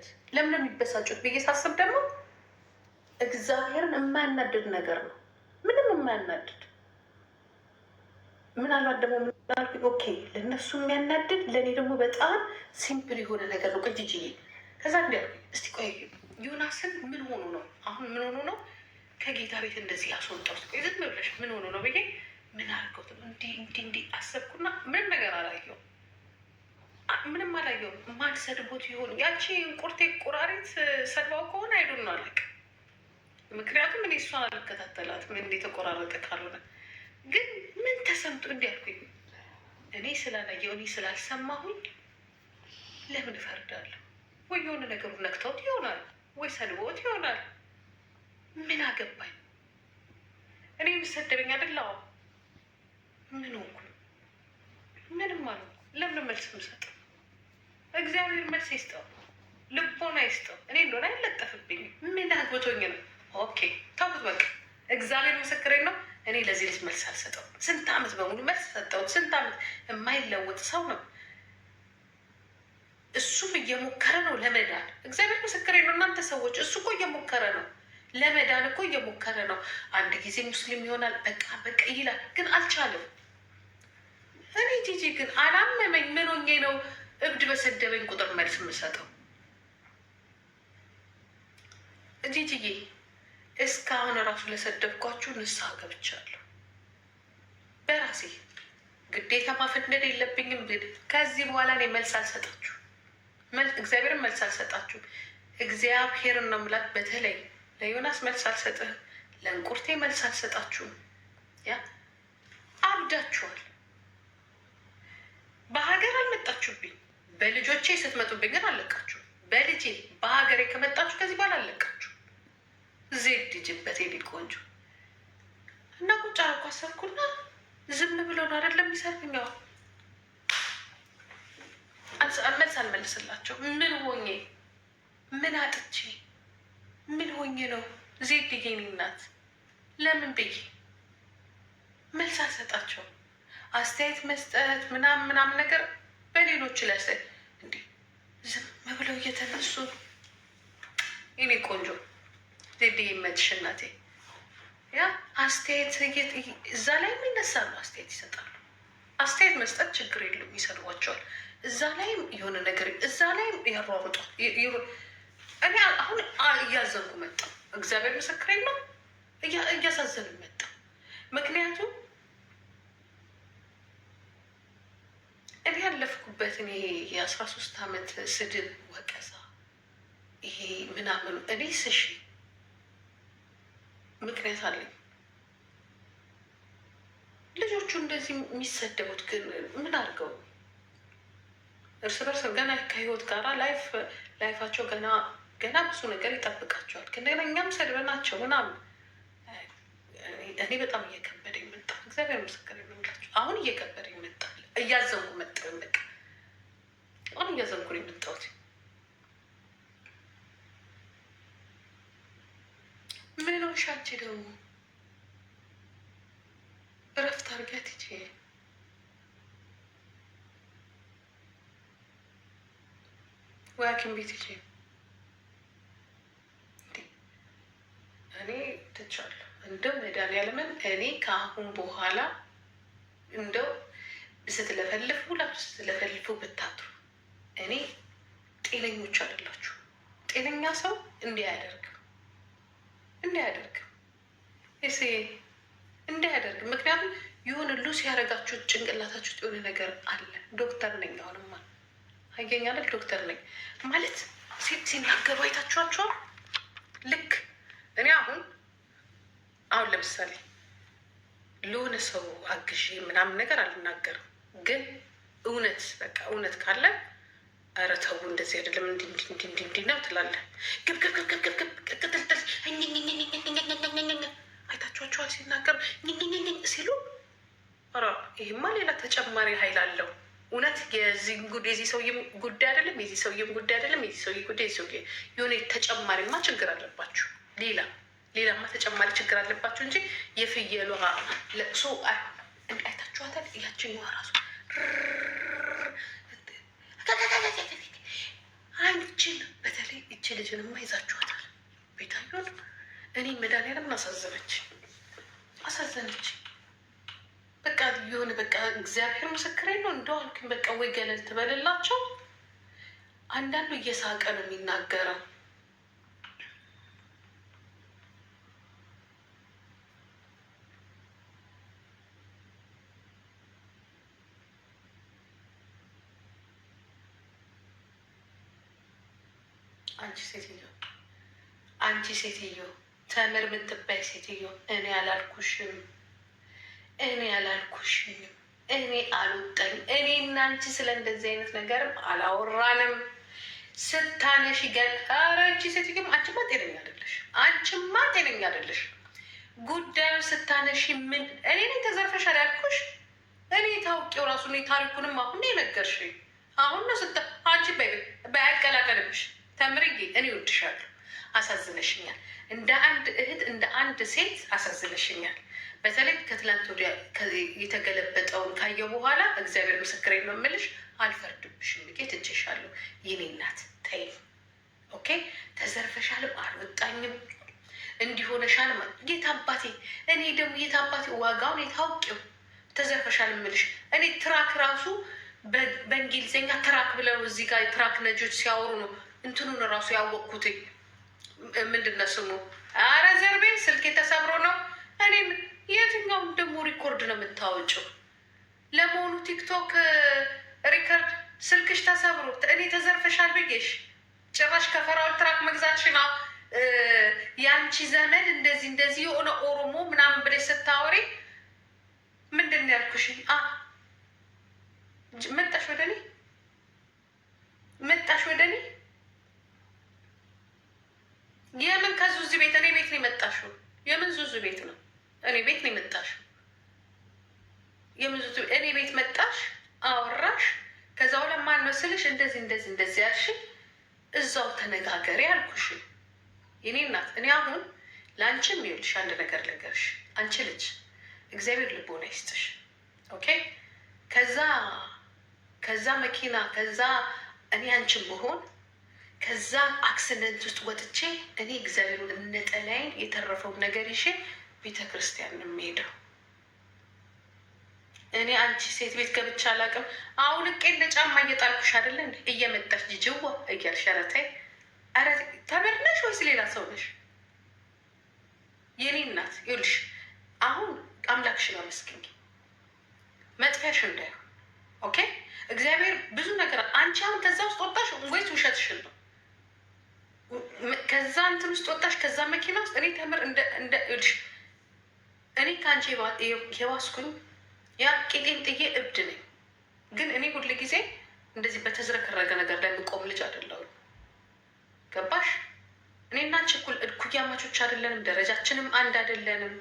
የሚያናድድ ለምን የሚበሳጩት ብዬ ሳስብ ደግሞ እግዚአብሔርን የማያናድድ ነገር ነው። ምንም የማያናድድ ምናልባት ደግሞ ምናልኩ ኦኬ፣ ለእነሱ የሚያናድድ ለእኔ ደግሞ በጣም ሲምፕል የሆነ ነገር ነው። ቅጅጅዬ ከዛ እንዲ እስቲ ቆይ ዮናስን ምን ሆኑ ነው አሁን ምን ሆኑ ነው ከጌታ ቤት እንደዚህ ያስወጣው? ቆይ ዝም ብለሽ ምን ሆኑ ነው ብዬ ምን አርገውት እንዲ እንዲ እንዲ አሰብኩና ምንም ነገር አላየው ምንም አላየው። ማን ሰድቦት ይሆን? ያቺ ቁርቴ ቁራሪት ሰድባው ከሆነ አይዱን አለቅ። ምክንያቱም እኔ እሷን አልከታተላትም እንደተቆራረጠ ካልሆነ ግን ምን ተሰምቶ እንዲያልኩኝ እኔ ስላላየው እኔ ስላልሰማሁኝ ለምን እፈርዳለሁ? ወይ የሆነ ነገሩ ነክተውት ይሆናል፣ ወይ ሰድቦት ይሆናል። ምን አገባኝ? እኔ የምሰደበኝ አይደላው። ምን ሆንኩ? ምንም አልሆንኩም። ለምን መልስ ምሰጥ? እግዚአብሔር መልስ ይስጠው፣ ልቦና ይስጠው። እኔ እንደሆነ አይለጠፍብኝ ምን አግብቶኝ ነው? ኦኬ ተውኩት፣ በቃ እግዚአብሔር ምስክሬን ነው። እኔ ለዚህ ልጅ መልስ አልሰጠው። ስንት አመት በሙሉ መልስ ሰጠው። ስንት አመት የማይለወጥ ሰው ነው። እሱም እየሞከረ ነው ለመዳን። እግዚአብሔር ምስክሬ ነው። እናንተ ሰዎች እሱ እኮ እየሞከረ ነው ለመዳን እኮ እየሞከረ ነው። አንድ ጊዜ ሙስሊም ይሆናል በቃ በቃ ይላል፣ ግን አልቻለም። እኔ ጂጂ ግን አላመመኝ። ምን ሆኜ ነው እብድ በሰደበኝ ቁጥር መልስ የምሰጠው እጅትዬ እስካሁን እራሱ ለሰደብኳችሁ ንስሐ ገብቻለሁ። በራሴ ግዴታ ማፈንደድ የለብኝም። ግን ከዚህ በኋላ እኔ መልስ አልሰጣችሁ እግዚአብሔርን መልስ አልሰጣችሁም። እግዚአብሔርን ነው የምላት። በተለይ ለዮናስ መልስ አልሰጥህም፣ ለእንቁርቴ መልስ አልሰጣችሁም። ያ አብዳችኋል። በሀገር አልመጣችሁብኝ። በልጆቼ ስትመጡብኝ ግን አለቃችሁ። በልጄ በሀገሬ ከመጣችሁ ከዚህ በኋላ አለቃችሁ። ዜድ ጅበት የኔ ቆንጆ እና ቁጭ አልኩ አሰብኩና ዝም ብለን ነው አይደለም የሚሰርብኝ። ያው መልስ አልመልስላቸው። ምን ሆኜ ምን አጥቼ ምን ሆኜ ነው ዜድ የኔ ለምን ብዬ መልስ አልሰጣቸው። አስተያየት መስጠት ምናምን ምናምን ነገር በሌሎች ላይ ዝም ብለው እየተነሱ ነው። ቆንጆ ዴዴ ይመችሽ እናቴ። ያ አስተያየት እዛ ላይ የሚነሳሉ አስተያየት ይሰጣሉ። አስተያየት መስጠት ችግር የለም ይሰድቧቸዋል። እዛ ላይም የሆነ ነገር እዛ ላይም ያሯሩጧል። እኔ አሁን እያዘንኩ መጣ። እግዚአብሔር ምስክሬ ነው። እያሳዘን መጣ። ምክንያቱም እኔ ያለፍ ያለሁበትን እኔ የአስራ ሶስት አመት ስድብ ወቀሳ ይሄ ምናምኑ እኔ ስሺ ምክንያት አለኝ። ልጆቹ እንደዚህ የሚሰደቡት ግን ምን አድርገው እርስ በርስ ገና ከህይወት ጋራ ላይፍ ላይፋቸው ገና ገና ብዙ ነገር ይጠብቃቸዋል። ከእንደገና እኛም ሰድበናቸው ምናምን እኔ በጣም እየከበደኝ መጣ። እግዚአብሔር ምስክር የምንላቸው አሁን እየከበደኝ መጣ። እያዘንኩ መጠ በቃ አሁን እያዘንኩ ነው የመጣሁት። ምን ነው ሻንቺ ደግሞ እረፍት አድርጊያት ይቼ ወይ ቤት ይቼ እኔ ትቻለሁ። እንደው መድኃኒዓለምን እኔ ከአሁን በኋላ እንደው ስትለፈልፉ ስትለፈልፉ እኔ ጤነኞች አይደላችሁ። ጤነኛ ሰው እንዲህ አያደርግም፣ እንዲህ አያደርግም፣ ሴ እንዲህ አያደርግም። ምክንያቱም የሆነ ሉስ ያደረጋችሁት ጭንቅላታችሁ የሆነ ነገር አለ። ዶክተር ነኝ አሁንማ አየኝ ዶክተር ነኝ ማለት ሴት ሲናገሩ አይታችኋቸዋል። ልክ እኔ አሁን አሁን ለምሳሌ ለሆነ ሰው አግዤ ምናምን ነገር አልናገርም፣ ግን እውነት በቃ እውነት ካለን ኧረ ተው እንደዚህ አይደለም እንዲና ትላለህ። ግብግብግብግብግብቅጥልጥል ሌላ ተጨማሪ አለው። እውነት ሰውዬም ጉዳይ አይደለም፣ የዚህ ጉዳይ ችግር ተጨማሪ ችግር እንጂ የፍየሉ አንድ እችን በተለይ እች ልጅንማ ይዛችኋታል። ቤታዮን እኔ መድኃኒዓለምን አሳዘነች አሳዘነች። በቃ የሆነ በቃ እግዚአብሔር ምስክሬ ነው። እንደው አልኩኝ በቃ ወይ ገለል ትበልላቸው። አንዳንዱ እየሳቀ ነው የሚናገረው። ሴትዮ አንቺ ሴትዮ ተምር ምትባይ ሴትዮ እኔ አላልኩሽም፣ እኔ አላልኩሽም፣ እኔ አልወጣኝ። እኔ እናንቺ ስለ እንደዚህ አይነት ነገርም አላወራንም። ስታነሽ ገል ኧረ አንቺ ሴትዮ አንቺማ ጤነኛ አይደለሽ፣ አንቺማ ጤነኛ አይደለሽ። ጉዳዩ ስታነሽ ምን እኔ ነኝ ተዘርፈሽ አላልኩሽ? እኔ ታውቂው ራሱ እኔ ታሪኩንም አሁን ነው የነገርሽ። አሁን ነው ስታ አንቺ በያቀላቀልብሽ ተምርዬ እኔ እወድሻለሁ። አሳዝነሽኛል። እንደ አንድ እህት እንደ አንድ ሴት አሳዝነሽኛል። በተለይ ከትላንት ወዲያ የተገለበጠውን ካየሁ በኋላ እግዚአብሔር ምስክር ነው የምልሽ፣ አልፈርድብሽም። ልቄ ትችሻለሁ። የኔ እናት ተይ። ኦኬ ተዘርፈሻልም አልወጣኝም እንዲሆነሻል ጌታ አባቴ እኔ ደግሞ ጌታ አባቴ ዋጋውን የታውቂው ተዘርፈሻል የምልሽ እኔ ትራክ ራሱ በእንግሊዝኛ ትራክ ብለው እዚህ ጋር ትራክ ነጆች ሲያወሩ ነው እንትኑን ራሱ ያወቅኩት ምንድን ነው ስሙ? አረ ዘርቤ ስልክ የተሰብሮ ነው። እኔም የትኛውም ደግሞ ሪኮርድ ነው የምታወጭው? ለመሆኑ ቲክቶክ ሪከርድ ስልክሽ ተሰብሮ እኔ ተዘርፈሻል ብዬሽ ጭራሽ ከፈራውል መግዛት ነው የአንቺ ዘመድ እንደዚህ እንደዚህ የሆነ ኦሮሞ ምናምን ብለሽ ስታወሪ ምንድን ነው ያልኩሽ? መጣሽ ወደ እኔ መጣሽ ወደ እኔ የምን ከዙዚ ቤት እኔ ቤት ነው የመጣሽው? የምን ዙዙ ቤት ነው? እኔ ቤት ነው የመጣሽው? የምን ዙዙ እኔ ቤት መጣሽ፣ አወራሽ። ከዛው ለማን ማን ነው ስልሽ እንደዚህ እንደዚህ እንደዚህ ያልሽ፣ እዛው ተነጋገሪ አልኩሽ። የኔ እናት እኔ አሁን ለአንቺም ይኸውልሽ አንድ ነገር ልንገርሽ። አንቺ ልጅ እግዚአብሔር ልቦና ይስጥሽ። ኦኬ ከዛ ከዛ መኪና ከዛ እኔ አንቺም ብሆን ከዛ አክሲደንት ውስጥ ወጥቼ እኔ እግዚአብሔር ነጠላይን የተረፈው ነገር ይሽ ቤተ ክርስቲያን ነው የሚሄደው። እኔ አንቺ ሴት ቤት ገብቼ አላውቅም። አሁን እቄ እንደ ጫማ እየጣልኩሽ አይደለ እየመጣሽ ጅጅዋ እያልሽ ኧረ ተይ፣ ኧረ ተምር ነሽ ወይስ ሌላ ሰው ነሽ? የኔ እናት ይኸውልሽ፣ አሁን አምላክሽን አመስግኝ፣ መጥፊያሽ እንዳይሆን ኦኬ። እግዚአብሔር ብዙ ነገር አንቺ አሁን ከዛ ውስጥ ወጣሽ ወይስ ውሸትሽን ነው? ከዛ እንትን ውስጥ ወጣሽ፣ ከዛ መኪና ውስጥ እኔ ተምር እንደ እድሽ እኔ ከአንቺ የባስኩኝ ያ ቄጤን ጥዬ እብድ ነኝ። ግን እኔ ሁል ጊዜ እንደዚህ በተዝረከረገ ነገር ላይ የምቆም ልጅ አይደለሁም። ገባሽ? እኔና አንቺ እኩል እኩያማቾች አይደለንም፣ ደረጃችንም አንድ አይደለንም።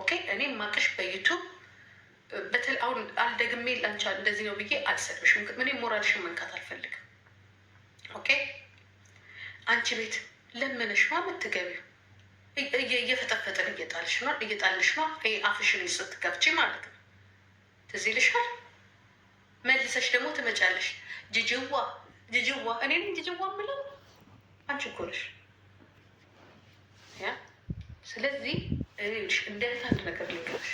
ኦኬ። እኔ ማቅሽ በዩቱብ በተል አሁን አልደግሜ ላንቻ እንደዚህ ነው ብዬ አልሰጥሽም። እኔ ሞራልሽን መንካት አልፈልግም። ኦኬ አንቺ ቤት ለምንሽ ነው የምትገቢው? እየፈጠፈጠን እየጣልሽ ነው እየጣልሽ ነው አፍሽን ስትከፍቺ ማለት ነው። ትዝ ይልሻል። መልሰሽ ደግሞ ትመጫለሽ። ጅጅዋ ጅጅዋ፣ እኔ ጅጅዋ ምለው አንቺ እኮ ነሽ። ስለዚህ እኔሽ እንደ አንድ ነገር ልንገርሽ፣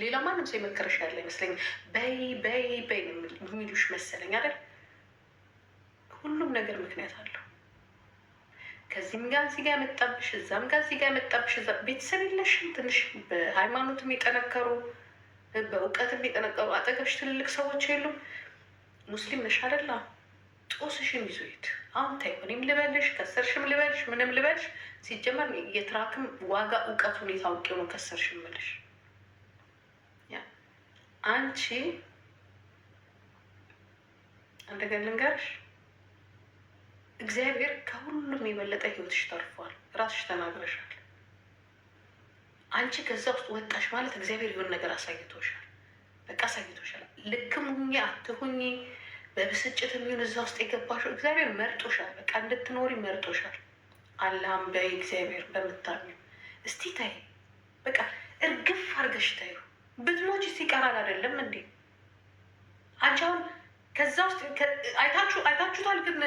ሌላ ማንም ሰው የመከረሽ ያለ ይመስለኝ። በይ በይ በይ የሚሉሽ መሰለኝ አይደል? ሁሉም ነገር ምክንያት አለው። ከዚህም ጋር እዚህ ጋር መጣብሽ፣ እዛም ጋር እዚህ ጋር መጣብሽ። እዛ ቤተሰብ የለሽም። ትንሽ በሃይማኖት የጠነከሩ በእውቀት የጠነከሩ አጠገብሽ ትልልቅ ሰዎች የሉም። ሙስሊም ነሽ አደላ ጦስሽን ይዞ ሂድ። አሁን ታይ ልበልሽ፣ ከሰርሽም ልበልሽ፣ ምንም ልበልሽ። ሲጀመር የትራክም ዋጋ እውቀት ሁኔታ አውቄው ነው ከሰርሽም ምልሽ አንቺ እንደገና ልንገርሽ እግዚአብሔር ከሁሉም የበለጠ ህይወትሽ ተርፏል። ራስሽ ተናግረሻል። አንቺ ከዛ ውስጥ ወጣሽ ማለት እግዚአብሔር የሆን ነገር አሳይቶሻል። በቃ አሳይቶሻል። ልክም ሁኚ አትሁኚ፣ በብስጭት የሚሆን እዛ ውስጥ የገባሽው እግዚአብሔር መርጦሻል። በቃ እንድትኖሪ መርጦሻል። አላም በይ እግዚአብሔር በምታሚ እስቲ ታይ፣ በቃ እርግፍ አድርገሽ ታዩ። ብትሞች ሲቀራል አይደለም እንዴ አንቺ አሁን ከዛ ውስጥ አይታችሁ አይታችሁታል። ግን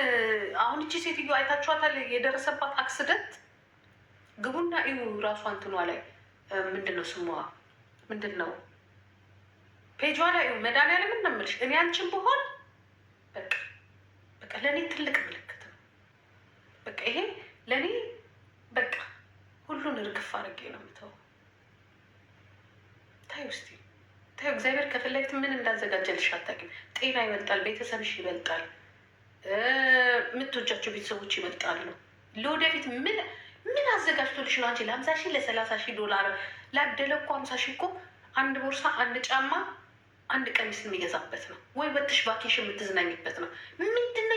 አሁን እቺ ሴትዮ አይታችኋታል? የደረሰባት አክስደንት ግቡና እዩ። ራሷ እንትኗ ላይ ምንድን ነው ስሟ ምንድን ነው ፔጇ ላይ እዩ። መድኃኒዓለም ምን የምልሽ እኔ አንቺን ብሆን በቃ በቃ ለእኔ ትልቅ ምልክት ነው። በቃ ይሄ ለእኔ በቃ ሁሉን እርግፍ አድርጌ ነው የምተው። ታይ ውስጥ እግዚአብሔር ከፈለግት ምን እንዳዘጋጀልሽ አታውቂም። ጤና ይበልጣል፣ ቤተሰብሽ ይበልጣል፣ የምትወጃቸው ቤተሰቦች ይበልጣሉ። ለወደፊት ምን ምን አዘጋጅቶልሽ ነው አንቺ ለሀምሳ ሺህ ለሰላሳ ሺህ ዶላር ላደለ እኮ ሀምሳ ሺህ እኮ አንድ ቦርሳ አንድ ጫማ አንድ ቀሚስ የሚገዛበት ነው ወይ ወጥሽ ባኬሽ የምትዝናኝበት ነው። ምንድን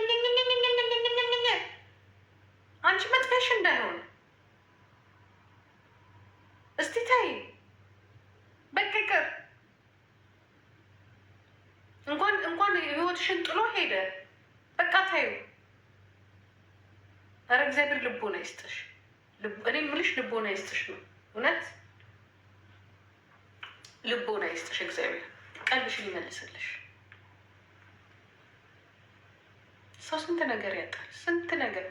አንቺ እንዳይሆን እስቲ ታይ ህይወትሽን ጥሎ ሄደ። በቃ ታዩ። ኧረ እግዚአብሔር ልቦና ይስጥሽ። እኔ የምልሽ ልቦና ይስጥሽ ነው። እውነት ልቦና ይስጥሽ እግዚአብሔር። ቀልብሽን ይመልስልሽ። ሰው ስንት ነገር ያጣል። ስንት ነገር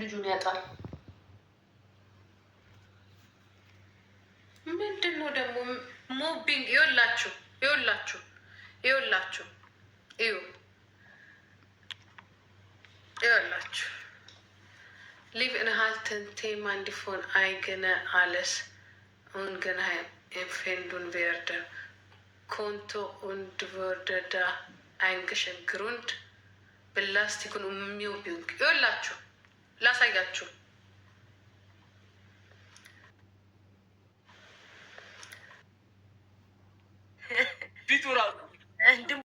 ልጁን ያጣል። ምንድን ነው ደግሞ ሞቢንግ? ይኸውላችሁ ይኸውላችሁ ይኸውላችሁ እዩ ይላችሁ ሊቭ እንሃል ትንቴ ማንዲፎን አይገነ አለስ ኡንገንሃይም ኤንፌንዱን ቬርደር ኮንቶ ኡንድ ቨርደዳ አይንገሸን ግሩንድ ብላስቲኩን የሚው ቢንግ ይላችሁ ላሳያችሁ ፊቱ ራሱ